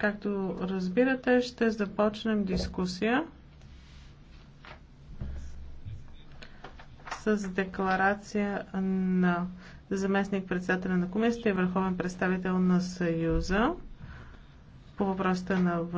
Както разбирате, ще започнем дискусия с декларация на заместник председателя на комисията и върховен представител на Съюза по въпросите на